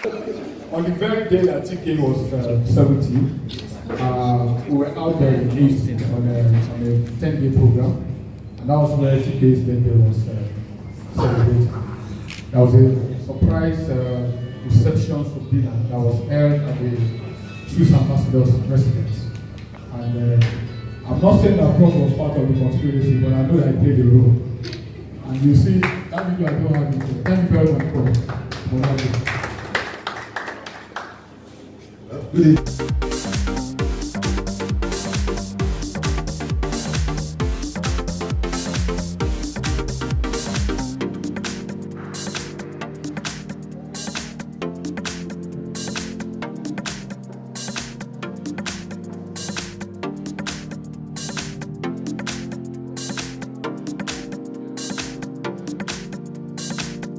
On the very day that TK was uh, 70, uh, we were out there in East on a, on a 10 day program, and that was where TK's birthday was uh, celebrated. That was a surprise uh, reception for dinner that was held at the Swiss ambassador's residence. And uh, I'm not saying that Cross was part of the conspiracy, but I know that I played a role. And you see, that video I Good evening.